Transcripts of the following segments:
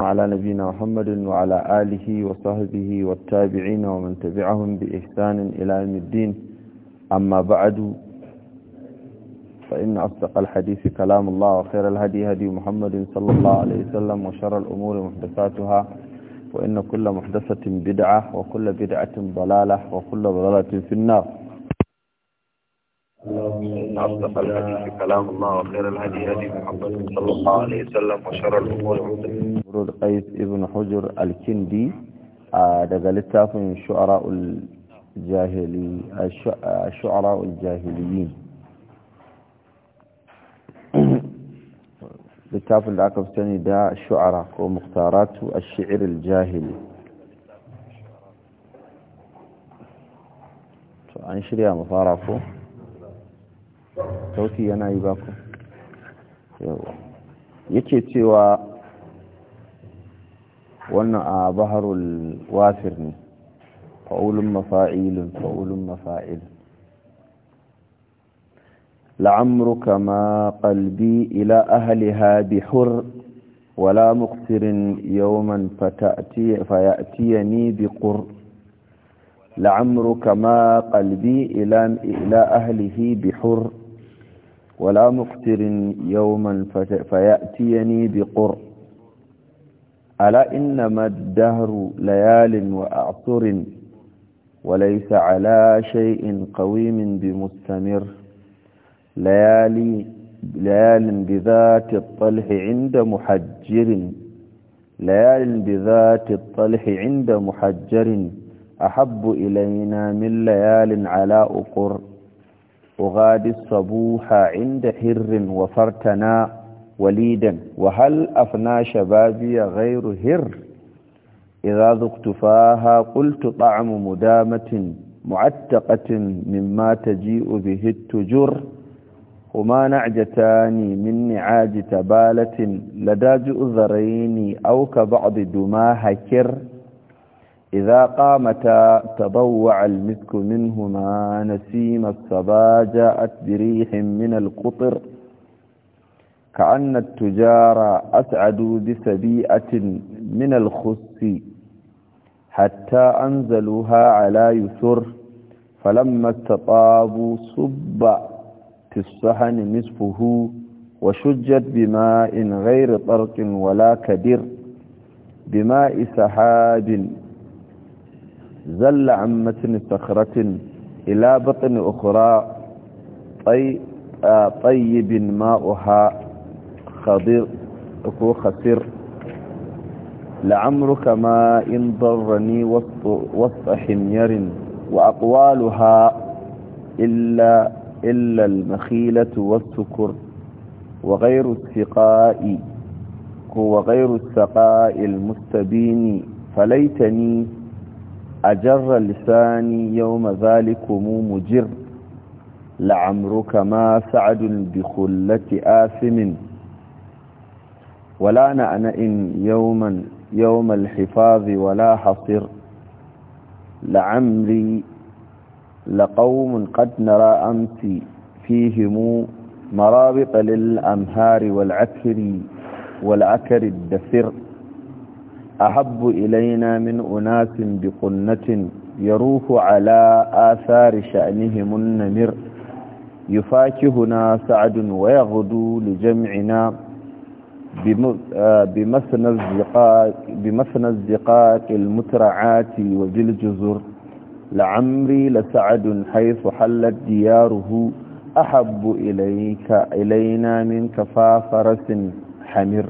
وعلى نبينا محمد وعلى آله وصحبه والتابعين ومن تبعهم بإحسان إلى يوم الدين أما بعد فإن أصدق الحديث كلام الله وخير الهدي هدي محمد صلى الله عليه وسلم وشر الأمور محدثاتها وإن كل محدثة بدعة وكل بدعة ضلالة وكل ضلالة في النار إن أصدق الحديث كلام الله وخير الهدي هدي محمد صلى الله عليه وسلم وشر الأمور محدثاتها. قيس ابن حجر الكندي هذا آه من شعراء الجاهلي الشعراء آه، آه، الجاهليين. لتافل العقب الثاني داء شعراء ومختارات الشعر الجاهلي. عن شريعة مفارقه. sauti yana yi ba ku yake cewa wannan a baharul wasir ne fa'ulun mafa'ilun fa'ulun mafa'ilun لعمرك ما قلبي إلى أهلها بحر ولا مقصر يوما فتأتي فيأتيني بقر لعمرك ما قلبي إلى, إلى أهله بحر ولا مقتر يوما فيأتيني بقر ألا إنما الدهر ليال وأعطر وليس على شيء قويم بمستمر ليالي ليال بذات الطلح عند محجر ليال بذات الطلح عند محجر أحب إلينا من ليال على أقر أغادي الصبوح عند هر وفرتنا وليدا وهل أفنى شبابي غير هر إذا ذقت فاها قلت طعم مدامة معتقة مما تجيء به التجر هما نعجتان من نعاج تبالة لدى جؤذرين أو كبعض دماها كر إذا قامتا تضوع المسك منهما نسيم الصبا جاءت بريح من القطر كأن التجار أسعدوا بسبيئة من الخس حتى أنزلوها على يسر فلما استطابوا صب في الصحن نصفه وشجت بماء غير طرق ولا كدر بماء سحاب زل عمة صخرة إلى بطن أخرى طي آه، طيب ماؤها خضر أكو خسر لعمرك ما إن ضرني وسط, وسط حمير وأقوالها إلا, إلا المخيلة والسكر وغير السقاء وغير السقاء المستبين فليتني أجر لساني يوم ذلكم مجر لعمرك ما سعد بخلة آثم ولا نأنئ يوما يوم الحفاظ ولا حصر لعمري لقوم قد نرى أمس فيهم مرابط للأمهار والعكر والعكر الدفر أحب إلينا من أناس بقنة يروح على آثار شأنهم النمر يفاكهنا سعد ويغدو لجمعنا آه، بمثنى الزقاق, بمثنى الزقاق المترعات وبالجزر لعمري لسعد حيث حلت دياره أحب إليك إلينا من كفاف رس حمر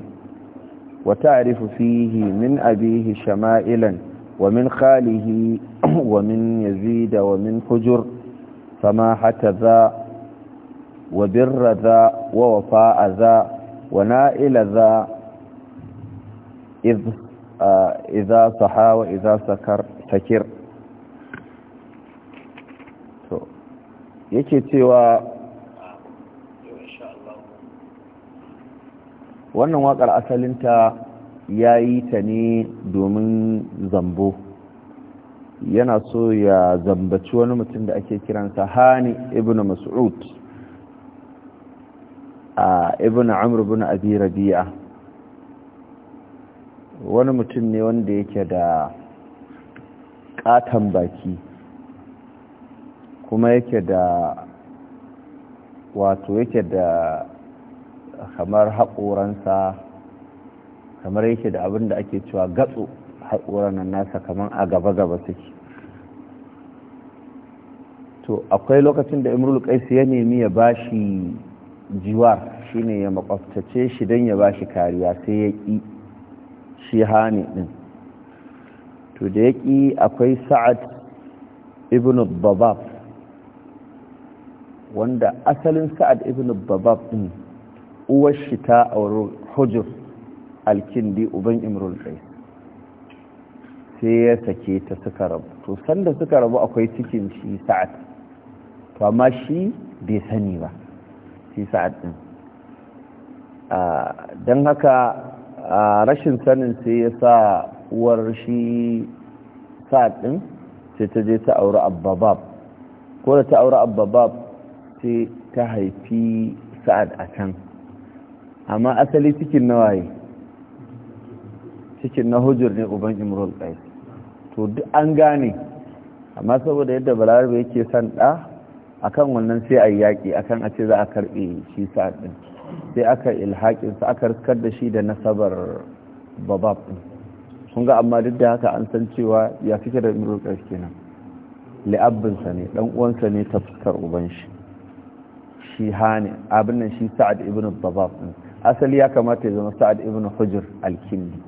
وتعرف فيه من أبيه شمائلا ومن خاله ومن يزيد ومن حجر سماحة ذا وبر ذا ووفاء ذا ونائل ذا إذ آه إذا صحى وإذا سكر سكر يكي تيوى wannan wakar asalinta ya yi ta ne domin zambo yana so ya zambaci wani mutum da ake kiransa hani ibn mas'ud a ibn amr ibn abi rabi'a wani mutum ne wanda yake da katon baki kuma yake da wato yake da kamar haƙoransa kamar yake da abin da ake cewa gatsu haƙoran nan nasa kamar a gaba-gaba suke to akwai lokacin da imrul qais ya nemi ya bashi jiwar shine ya makwabtace shi don ya bashi kariya sai ya ƙi shi hani din to da ya ƙi akwai sa'ad ibn babab wanda asalin sa'ad ibnu babab din uwar shi ta auri hujjur alkindi uban imrul kai sai ya sake ta suka rabu to sanda suka rabu akwai cikin shi sa'ad to amma shi bai sani ba shi sa'ad din don haka rashin sanin sai ya sa uwar shi sa'ad din sai ta je ta auri abbabab ko da ta auri abbabab sai ta haifi sa'ad a can amma asali cikin na waye cikin na hujjar ne uban imrul qais to duk an gane amma saboda yadda balarabe yake san ɗa akan wannan sai a yaƙi akan a ce za a karɓe shi sa'ad ɗin sai aka ilhaƙinsa aka riskar da shi da nasabar babab ɗin sun ga amma duk da haka an san cewa ya fike da imrul qais kenan li'abbinsa ne ɗan uwansa ne ta fuskar uban shi shi hane abin nan shi sa'ad ibn babab ɗin asali ya kamata ya zama sa'ad ibn hujr al-kindi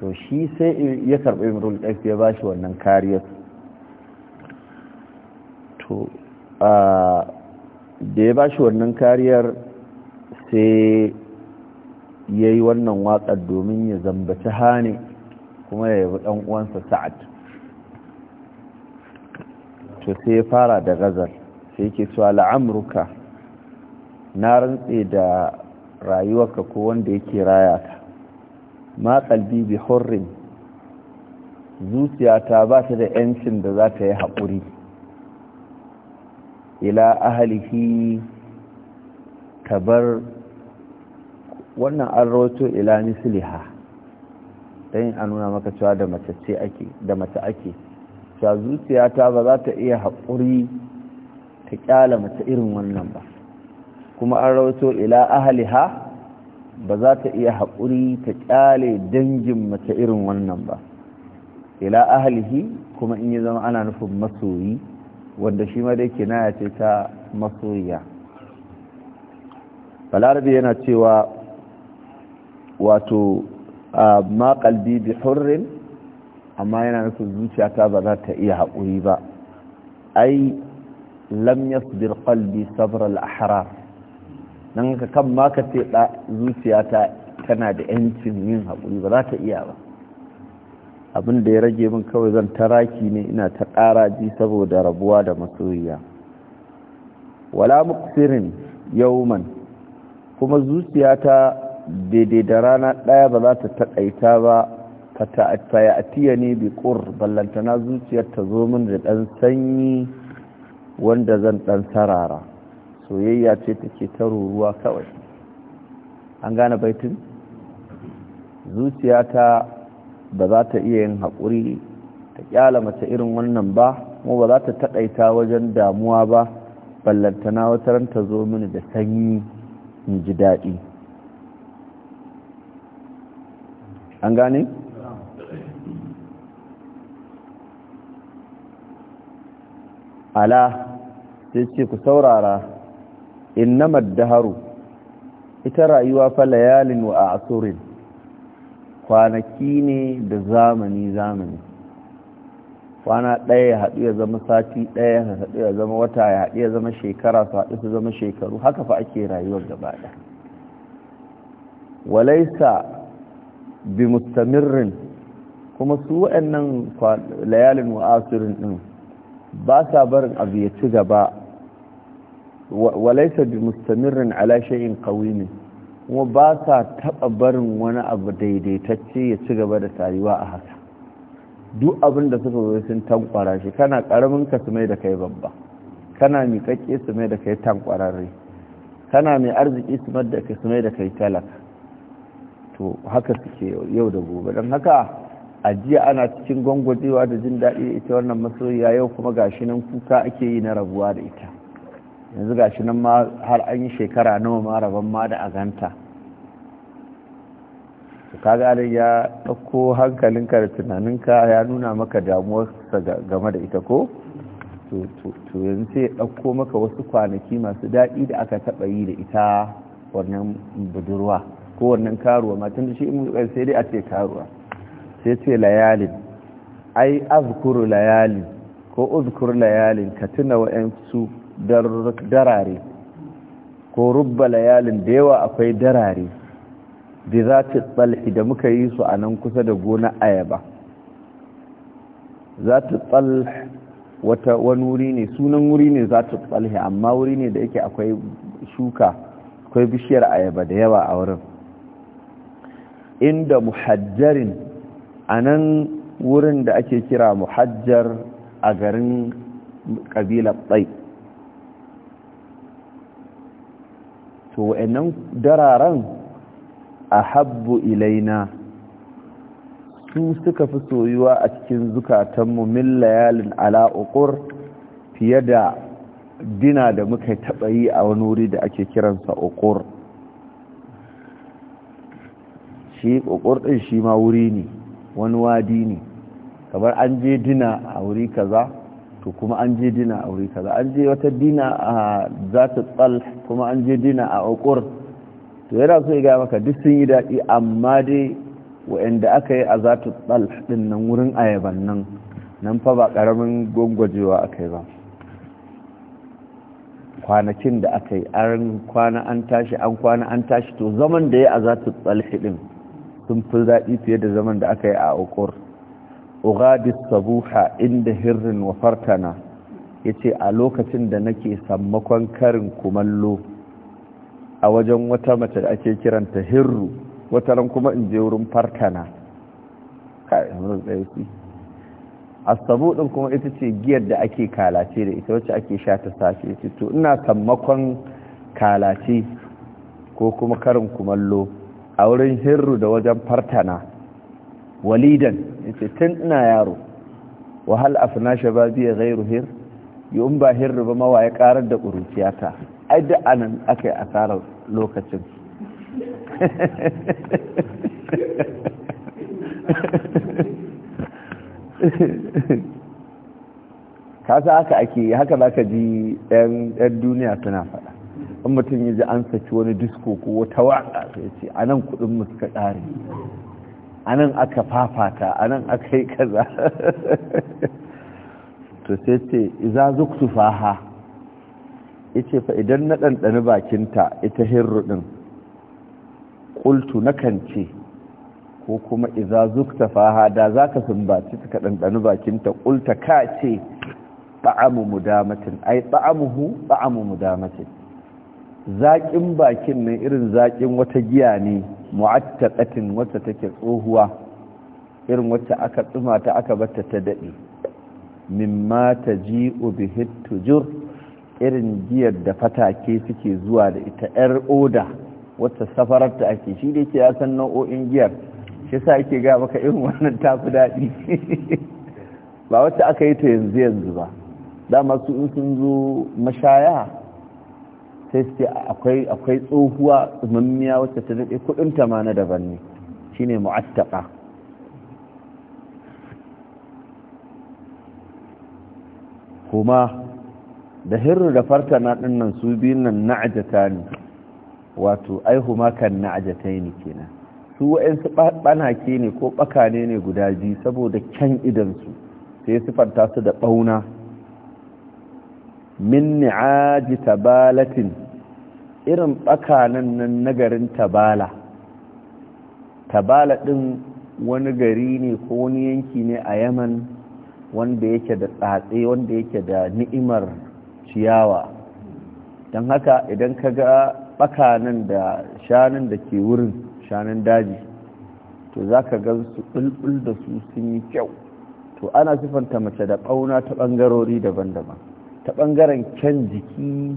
to shi sai ya karɓi imrul qais ya bashi wannan kariyar to da ya bashi wannan kariyar sai ya yi wannan waƙar domin ya zambaci hane kuma ya yabi ɗan uwansa sa'ad to sai ya fara da gazar sai ke cewa la'amruka na rantse da rayuwarka ko wanda yake raya ka ma kalbi bi hurrin zuciyata ba ta da yancin da za ta yi haƙuri ila ahalihi ta wannan an rawato ila misliha don a nuna maka cewa da mace ake da mace ake cewa zuciyata ba za ta iya haƙuri ta ƙyala mace irin wannan ba kuma an rawato ila ahliha ba za ta iya haƙuri ta ƙyale dangin mace irin wannan ba ila ahlihi kuma in yi zama ana nufin masoyi wanda shi ma dai ya ce ta masoyiya balarabe yana cewa wato ma kalbi bi hurrin amma yana nufin zuciyata ba za ta iya haƙuri ba ai lam yasbir qalbi sabr al-ahrar don ka kan ma ka ce zuciya ta tana da yancin yin haƙuri ba za ta iya ba abin da ya rage min kawai zan taraki ne ina ta ƙara ji saboda rabuwa da masoyiya wala muksirin yauman kuma zuciya ta daidai da rana ɗaya ba za ta taƙaita ba atiya ne bi ƙur ballantana zuciyar ta zo min da ɗan sanyi wanda zan ɗan sarara soyayya ce take ta ruruwa kawai an gane baitin zuciyata ba za ta iya yin haƙuri ta ƙyala mace irin wannan ba kuma ba za ta taɗaita wajen damuwa ba ballantana wata ran zo mini da sanyi in ji daɗi an gane? ala sai ce ku saurara Inna daharu ita rayuwa fa layalin wa asurin kwanaki ne da zamani zamani kwana ɗaya ya haɗu ya zama sati ɗaya ya haɗu ya zama wata ya haɗu ya zama shekara su haɗu su zama shekaru haka fa ake rayuwar gaba ɗaya walaisa bi kuma su waɗannan layalin asirin ɗin ba sa barin abu ya ci gaba walaisa bi mustamirrin ala shay'in qawimin kuma ba sa taba barin wani abu daidaitacce ya ci gaba da tarewa a haka duk abinda suka zo sun tankwara shi kana karamin ka su mai da kai babba kana miƙaƙƙe su mai da kai tankwararre kana mai arziki su mai da kai talaka to haka suke yau da gobe don haka a jiya ana cikin gwangwajewa da jin daɗi da ita wannan masoyiya yau kuma gashi kuka ake yi na rabuwa da ita yanzu ga shi nan ma har an yi shekara nawa ma rabon ma da a ka kaga alin ya ɗauko hankalinka da tunaninka ya nuna maka damuwarsa game da ita ko to yanzu sai ya ɗauko maka wasu kwanaki masu daɗi da aka taba yi da ita wannan budurwa ko wannan karuwa tun da shi in sai dai a ce karuwa sai ce layalin ai azkuru layalin ko uzkur layalin ka tuna wa'yansu darare ko rubba layalin da yawa akwai darare Da za ta tsalhi da muka yi su a nan kusa da gona ayaba za ta tsalhi wata wani wuri ne sunan wuri ne za ta tsalhi amma wuri ne da yake akwai shuka akwai bishiyar ayaba da yawa a wurin inda muhajjarin a nan wurin da ake kira muhajjar a garin ƙabilar tsaye to wa'annan dararan habbu ilaina su suka fi soyuwa a cikin zukatanmu min layalin ala uqur fiye da dina da muka taɓa yi a wani wuri da ake kiransa uqur shi uqur din shi ma wuri ne wani wadi ne kamar an je dina a wuri kaza to kuma an je dina a wuri kaza an je wata dina a zata tsal kuma an je dina a okur to yana so ya gaya maka duk sun yi daɗi amma dai wa'anda aka yi a zata tsal ɗin nan wurin ayaban nan nan fa ba ƙaramin gwangwajewa aka yi ba kwanakin da aka yi an kwana an tashi an kwana an tashi to zaman da ya a zata tsal ɗin sun fi daɗi fiye da zaman da aka yi a okur. ugadis sabuha inda hirrin wa fartana yace a lokacin da nake sammakon karin kumallo a wajen wata mace da ake kiranta hirru wata ran kuma in je wurin fartana kai sabuɗin asabu din kuma ita ce giyar da ake kalace da ita wacce ake sha ta safe ce to ina sammakon kalace ko kuma karin kumallo a wurin hirru da wajen fartana walidan yace tun ina yaro wa hal afna shababi ghayru hir yun ba hir ba mawa ya karar da kuruciyata ai da anan akai asarar lokacin kasa haka ake haka za ka ji 'yan duniya suna faɗa in mutum ya ji an saki wani disko ko wata waƙa sai ce a nan kuɗin mu suka ƙare a nan aka fafata a nan aka yi kaza to sai ce iza zuktu faha yace fa idan na ɗanɗani bakinta ita hirru ɗin ƙultu na kance ko kuma iza zukta faha da za ka sumbaci ka ɗanɗani bakinta ƙulta ka ce ba'amu mudamatin ai ba'amuhu ba'amu mudamatin zaƙin bakin nan irin zaƙin wata giya ne mu'attaqatin wacce take tsohuwa irin wacce aka tsuma ta aka batta ta dade mimma taji'u bihi tujur irin giyar da fatake suke zuwa da ita yar oda wacce safarar ta ake shi da yake ya nau'o'in giyar shi sa ake ga maka irin wannan tafi daɗi ba wacce aka yi ta yanzu yanzu ba dama su in sun zo mashaya sai su ce akwai tsohuwa tsumammiya wacce ta daɗe kuɗin ta ma na daban ne shine kuma da hirru da fartana ɗinnan su biyun nan ajata ne wato huma kan ajata ne kenan su wa'ansu ɓanake ne ko ɓakane ne guda biyu saboda kyan idansu sai fanta su da ɓauna min ni'aji tabalatin irin tsakanin nan na garin tabala tabala din wani gari ne ko wani yanki ne a yaman wanda yake da tsatsi wanda yake da ni'imar ciyawa don haka idan ka ga tsakanin da shanun da ke wurin shanun daji to za ka gan su ɓulɓul da su sun yi kyau to ana sifanta mace da ɓauna ta ɓangarori daban-daban ta ɓangaren kyan jiki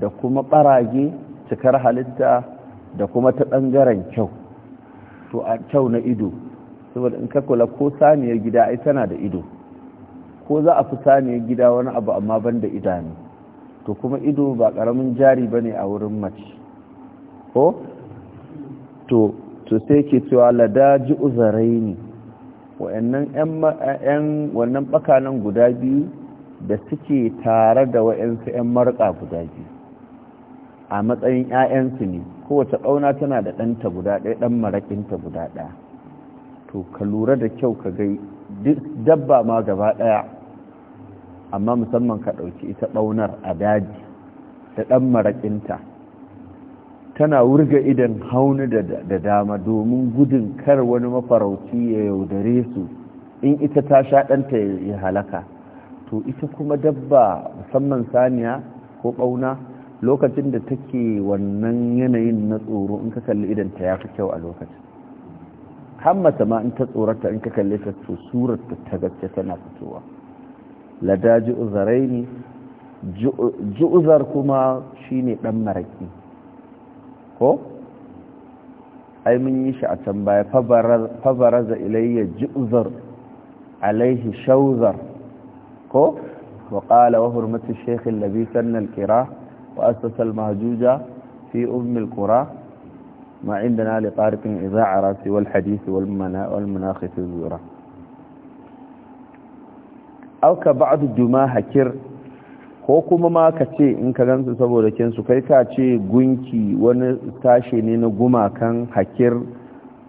da kuma ɓarage cikar halitta da kuma ta ɓangaren kyau to a kyau na ido saboda in ka kula ko saniyar gida ai tana da ido ko za a fi saniyar gida wani abu amma ban da idanu to kuma ido ba ƙaramin jari ba ne a wurin mace ko to to sai ke cewa ladaji uzarai ne wa'annan 'yan wannan bakanan guda biyu da suke tare da wa'yansu 'yan marka guda biyu a matsayin 'ya'yansu ne kowace ƙauna tana da ɗanta guda ɗaya ɗan maraƙinta guda ɗaya to ka lura da kyau ka gai dabba ma gaba ɗaya amma musamman ka ɗauki ita ɓaunar a daji da ɗan maraƙinta tana wurga idan hauni da dama domin gudun kar wani mafarauci ya yaudare su in ita ta sha ɗanta ya halaka to ita kuma dabba musamman saniya ko ƙauna lokacin da take wannan yanayin na tsoro in ka kalli idan ta yafi kyau a lokacin hammata ma in ta tsorata in ka kalli ta to surar ta ta gaske tana fitowa lada ju'uzarai ne ju'uzar kuma shine dan maraki ko ai mun yi shi a can baya fabaraza ilayya ju'uzar alaihi shauzar ko wa qala wa hurmatu shekhin alladhi sanna wa asasal mahajuja fi umm kura ma inda na liƙarfin idha'a rasi wal wal mana wal zura auka ka a juma hakir ko kuma ma ka ce in ka gansu saboda kinsu kai ka ce gunki wani tashi ne na gumakan hakir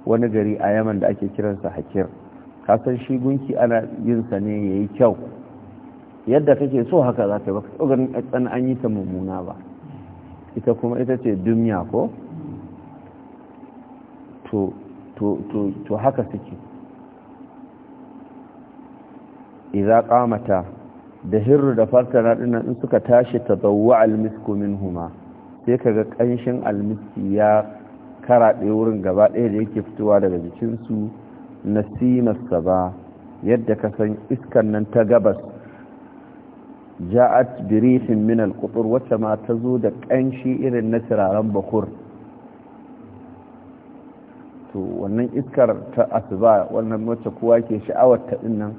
wani gari a yaman da ake kiransa hakir kasan shi gunki ana yinsa ne ya yi kyau yadda kake so haka za ka yi baka tsogarin ɗan an yi ta mummuna ba ita kuma ita ce duniya ko to haka suke iza kamata da hirru da na dinnan in suka tashi ta zauwa almisku min huma sai kaga ƙanshin almiski ya karaɗe wurin gaba ɗaya da yake fitowa daga jikinsu na sinasta ba yadda ka san iskan nan ta gabas ja'at birihin min al-qutur wacce ma ta zo da ƙanshi irin na turaren bakur to wannan iskar ta asuba wannan wacce kowa ke sha'awar ta dinnan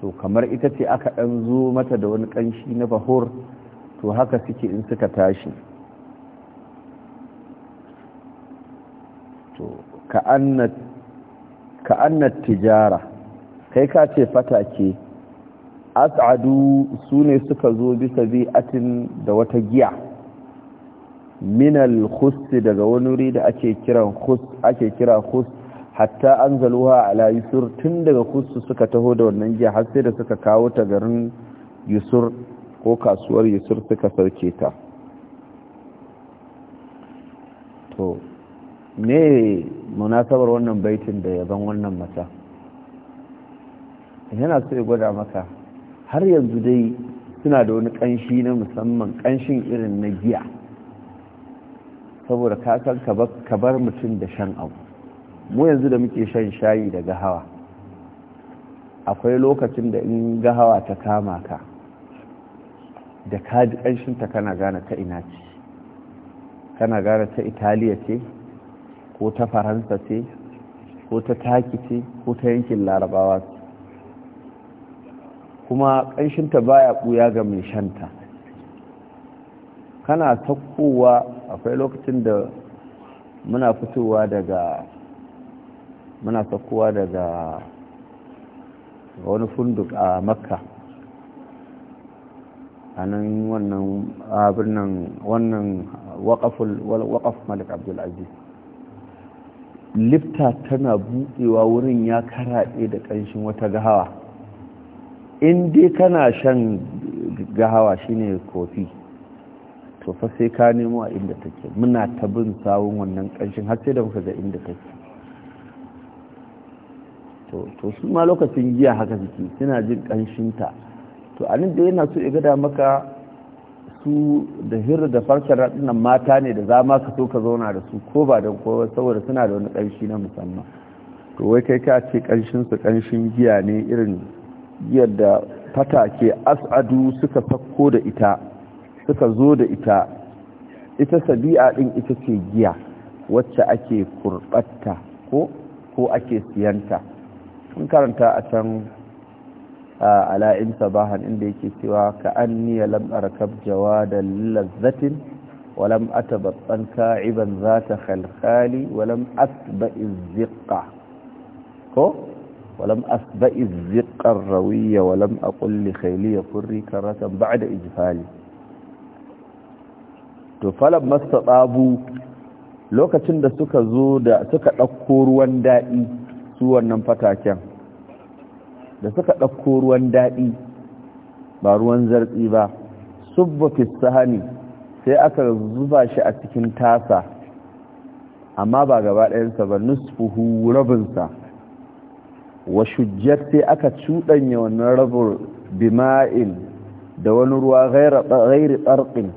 to kamar ita ce aka ɗan zo mata da wani kanshi na bahur to haka suke in suka tashi to ka'annat tijara kai ka ce fata ke as'adu sune suka zo bisa bi'atin da wata giya minal khus daga wani wuri da ake kiran khus ake kira khus hatta anzaluha ala yusur tun daga khus suka taho da wannan giya har sai da suka kawo ta garin yusur ko kasuwar yusur suka sauke ta to me munasabar wannan baitin da yaban wannan mata yana so ya gwada maka har yanzu dai suna da wani ƙanshi na musamman ƙanshin irin na giya saboda kasan ka bar mutum da shan abu mu yanzu da muke shan shayi da gahawa akwai lokacin da in gahawa ta kama ka da kaji ji ta kana gane ta ina ce kana gane ta italiya ce ko ta faransa ce ko ta taki ce ko ta yankin larabawa kuma ƙanshinta baya ɓuya ga mai shanta kana ta sakkowa akwai lokacin da muna fitowa daga muna sakkowa daga wani funduk a makka a nan wannan birnin wannan waƙaf malik abdulaziz lifta tana buɗewa wurin ya karaɗe da ƙanshin wata gahawa in dai kana shan gahawa shine kofi to fa sai ka nemo a inda take muna ta bin sawun wannan ƙanshin har sai da muka ga inda take to su ma lokacin giya haka suke suna jin ta to nan da yana so ya gada maka su da hirar da farkar raɗinan mata ne da za ma ka so ka zauna da su ko ba don kowa saboda suna da wani ƙanshi na musamman to wai kai ka ce ƙanshinsu ƙanshin giya ne irin yadda fatake as'adu suka fakko da ita suka zo da ita ita sabi'a din ita ce giya wacce ake kurbatta ko ko ake siyanta kun karanta a can ala'in sabahan inda yake cewa ka anni lam arkab jawadan lazzatin ولم أتبطن ka'iban zata خلخالي ولم أسبئ الزقة ko. ولم أسبأ الزق الروية ولم أقل لخيلي فري كرة بعد إجفالي فلما استطابوا lokacin da suka zo da suka ɗauko ruwan daɗi su wannan fataken da suka ɗauko ruwan daɗi ba ruwan zartsi ba subba fisahani sai aka zuba shi a cikin tasa amma ba gaba ɗayansa ba nusfuhu rabinsa wa shujjat aka cuɗanya wannan rabur bima'in da wani ruwa gairi tsarkin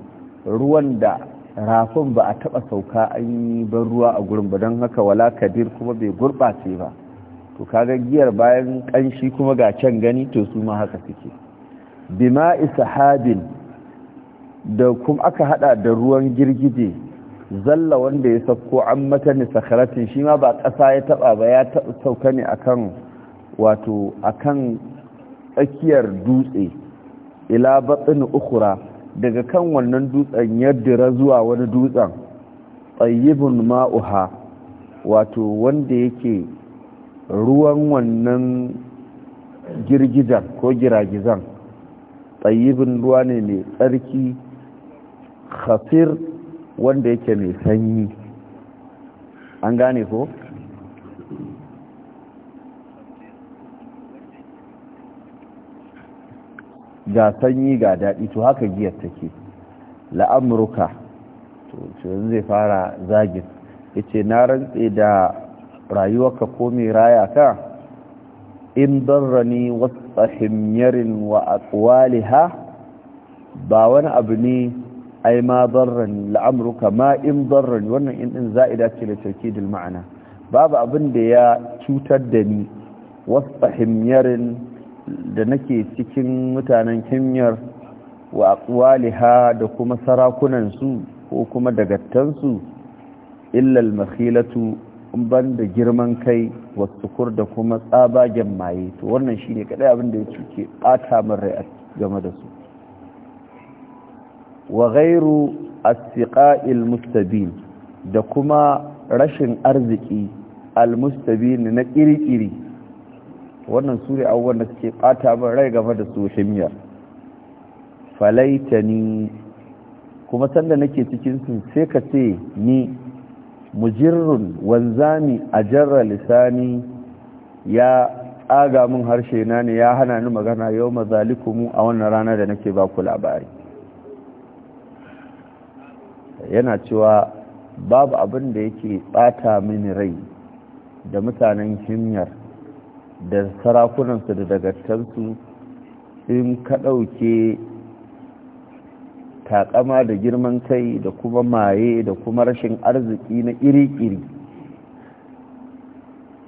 ruwan da rafin ba a taɓa sauka an yi ban ruwa a gurin ba don haka wala kadir kuma bai gurɓace ba to kaga giyar bayan ƙanshi kuma ga can gani to su ma haka suke bima'i sahabin da kuma aka haɗa da ruwan girgije zalla wanda ya sauko an mata sakaratin shi ma ba ƙasa ya taɓa ba ya sauka ne akan wato a kan tsakiyar dutse ila batsin ukura daga kan wannan dutsen yaddira zuwa wani dutsen tsayibin ma'uha wato wanda yake ruwan wannan girgizan ko giragizan tsayibin ruwa ne mai tsarki khafir wanda yake mai sanyi an gane ko? ga sanyi ga daɗi to haka giyar take la'amurka to yanzu zai fara zagin ya ce na rantse da rayuwarka ko mai raya ka in darrani wasu himyarin wa ha ba wani abu ne ai ma darrani la'amurka ma in darrani wannan in ɗin za'ida ce da taukidin ma'ana babu abin da ya cutar da ni wasu himyarin da nake cikin mutanen kimiyar wa aqwaliha da kuma sarakunan su ko kuma dagattansu illal illa al-makhilatu ban da girman kai wasu da kuma tsabagen maye to wannan shine kadai abin da yake ke bata min rai game da su wa ghairu as-siqa'il mustabin da kuma rashin arziki al-mustabin na kirkiri wannan su ne abubuwan da suke ɓata min rai game da su falaita ni kuma sanda nake cikin su sai ka ce ni mujirrun wanzami a jarra lisani ya tsaga min harshe na ne ya hana ni magana yau mazalikumu a wannan rana da nake baku ku labari yana cewa babu abin da yake ɓata mini rai da mutanen himyar da sarakunansu da dagatansu in ka ɗauke takama da girman kai da kuma maye da kuma rashin arziki na iri-iri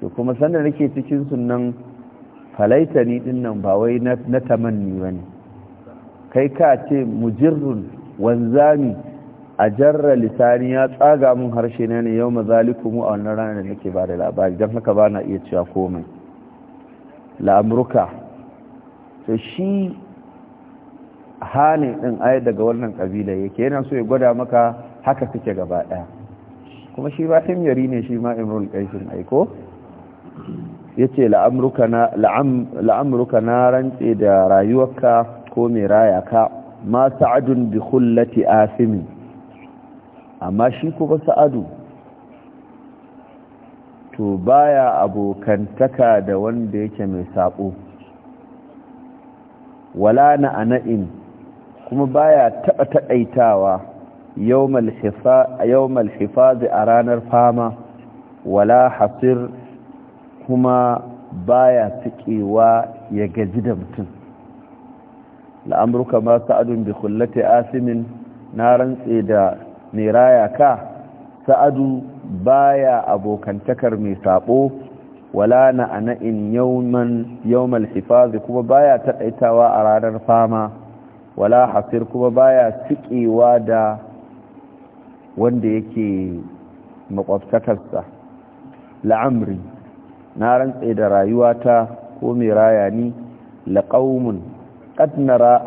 da kuma sanda nake cikin sunan falaitani din nan ba wai na tamanni ba ne kai ka ce mujirrun wanzami a jarra lisani ya tsaga mun harshe na ne yau mazalikumu a wannan ranar da nake ba da labari don haka ba na iya cewa komai la'amurka to shi hane ɗin ayar daga wannan ƙabila yake yana so ya gwada maka haka kake gaba daya kuma shi ba yari ne shi ma imrul ƙaifin aiko ya ce la'amurka na rantse da rayuwarka ko me raya ka ma sa'adun bi khullati asimi amma shi kuma sa'adu to baya abokantaka da wanda yake mai sabo wala na ana'in kuma baya taɓa taƙaitawa yawmal hifazi a ranar fama wala hasir kuma baya tikewa ya gaji da mutum la'amurka ma sa'adun bi kullati asimin na rantse da mai raya ka sa'adu baya abokantakar mai sabo wala na ana'in yawmal hifazi kuma baya taɗaitawa a ranar fama wala hasir kuma baya tikewa da wanda yake makwabtakarsa la'amri na rantse da rayuwata ko mai raya ni laƙaunin ƙadnara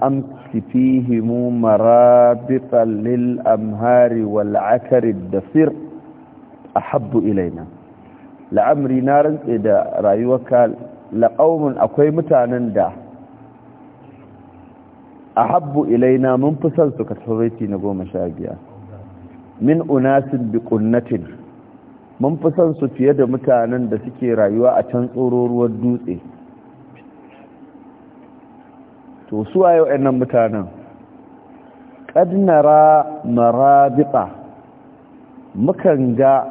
amsi العكس فيهم مرابط للأمهار والعكر الدصير أحب إلينا لأمري نارا إذا رأيوك لقوم أقوي متانا دا أحب إلينا من فسلتك تحريتي نقوم شاقيا من أناس بقنة من فسلت في يد متانا دا سكي رأيوا أتنصرور والدوث to su waye wayannan mutanen qad nara mukan ga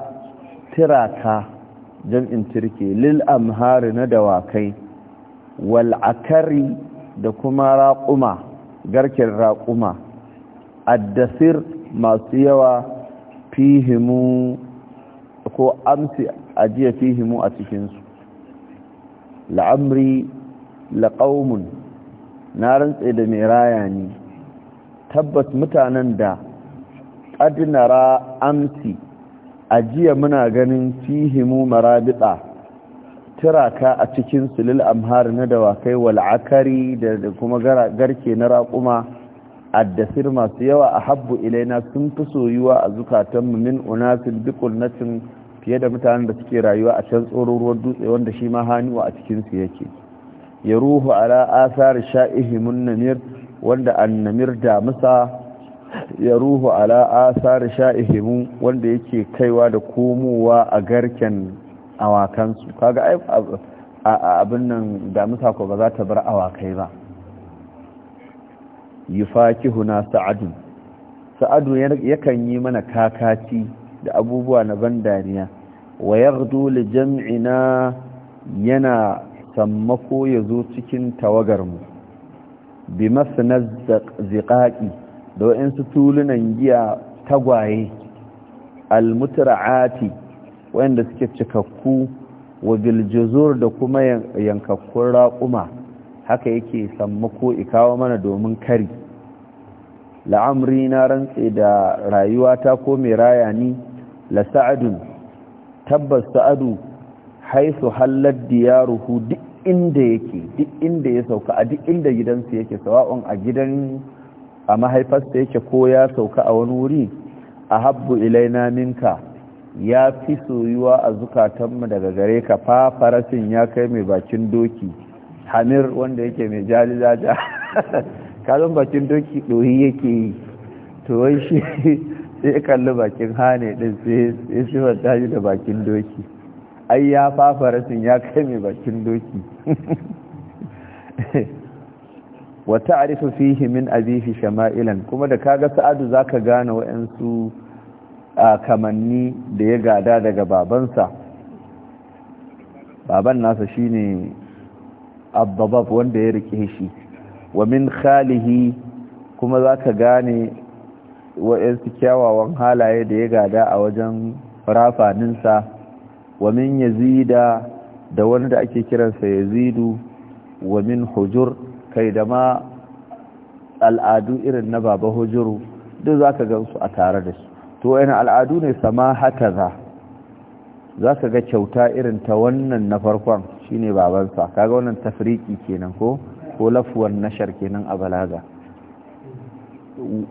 tiraka jam'in tirki, lil amhari na dawakai wal da kuma raƙuma, garken raƙuma, addasir masu yawa fihimu ko amsi ajiya fihimu a cikinsu la'amri laƙaumun na rantse da mai raya ne tabbas mutanen da ƙadinara amsi a jiya muna ganin fihimu marabita tiraka a cikin sulil amhar na dawakai wal'akari da kuma garke na raƙuma a addasir masu yawa a habbu ilaina sun fi soyuwa a zukatanmu min bikul nacin fiye da mutanen da suke rayuwa a can tsoron ruwan dutse wanda shi ma haniwa a cikinsu yake ya ruhu ala asar sha'ihimun namir wanda annamir damusa ya ruhu ala asar sha'ihimun wanda yake kaiwa da komowa a garken awakansu kaga abin nan damusa ko ba za ta bar awakai ba yi na sa'adu sa'adu yakan yi mana kakaci da abubuwa na ban dariya wa yaghdu li jam'ina yana sammako ya zo cikin tawagarmu bi masnaz zikaki da wa'insu tulunan giya tagwaye almutra'ati Wayanda suke cikakku wa da kuma yankakkun raƙuma haka yake sammako kawo mana domin kari la'amri na rantse da rayuwata ko mai raya ni la sa'adun tabbas sa'adu haisu hallar diyaruhu duk inda yake duk inda ya sauka a duk inda gidansa yake sawa'un a gidan a mahaifarsa yake ko ya sauka a wani wuri a habbu ilaina minka ya fi soyuwa a zukatanmu daga gare ka fafarasin ya kai mai bakin doki hamir wanda yake mai jalilaja kazan bakin doki ɗoyi yake yi to wai shi sai kalli bakin hane ɗin sai wata da bakin doki ai ya fafa rashin ya kai mai bakin doki wa ta'rifu fihi min abihi shama'ilan kuma da kaga sa'adu zaka gane wayansu a kamanni da ya gada daga babansa baban nasa shine abbabab wanda ya rike shi wa min khalihi kuma zaka gane wayansu kyawawan halaye da ya gada a wajen rafaninsa wa min yazida da wani da ake kiransa yazidu wa min hujur kai da ma al'adu irin na baba hujuru duk za ka su a tare da su to yana al'adu ne sama hata za za ka ga kyauta irin ta wannan na farkon shine babansa kaga wannan tafriki kenan ko ko lafuwar nashar kenan a balaga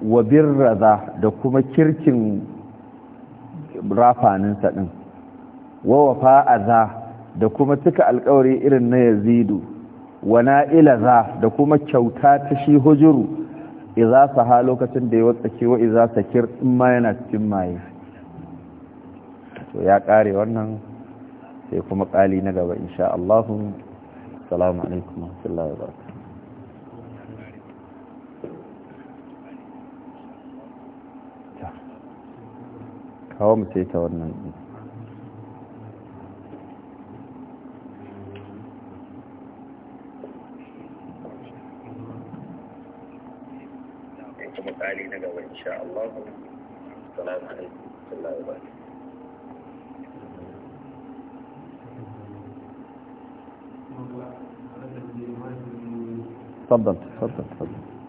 wa birraza da kuma kirkin rafaninsa ɗin wa wafa za da kuma cika alkawari irin na yazidu wa na'ila za da kuma kyauta ta shi hujuru iza ha lokacin da ya watsa wa iza kir in ma yana cikin maye to ya kare wannan sai kuma kali na gaba insha Allah salamu alaikum wa rahmatullahi wa kawo mu ta wannan شاء الله السلام عليكم الله وبركاته تفضل تفضل تفضل